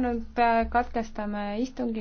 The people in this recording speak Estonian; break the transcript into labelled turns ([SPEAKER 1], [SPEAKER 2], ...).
[SPEAKER 1] nüüd äh, katkestame istungi.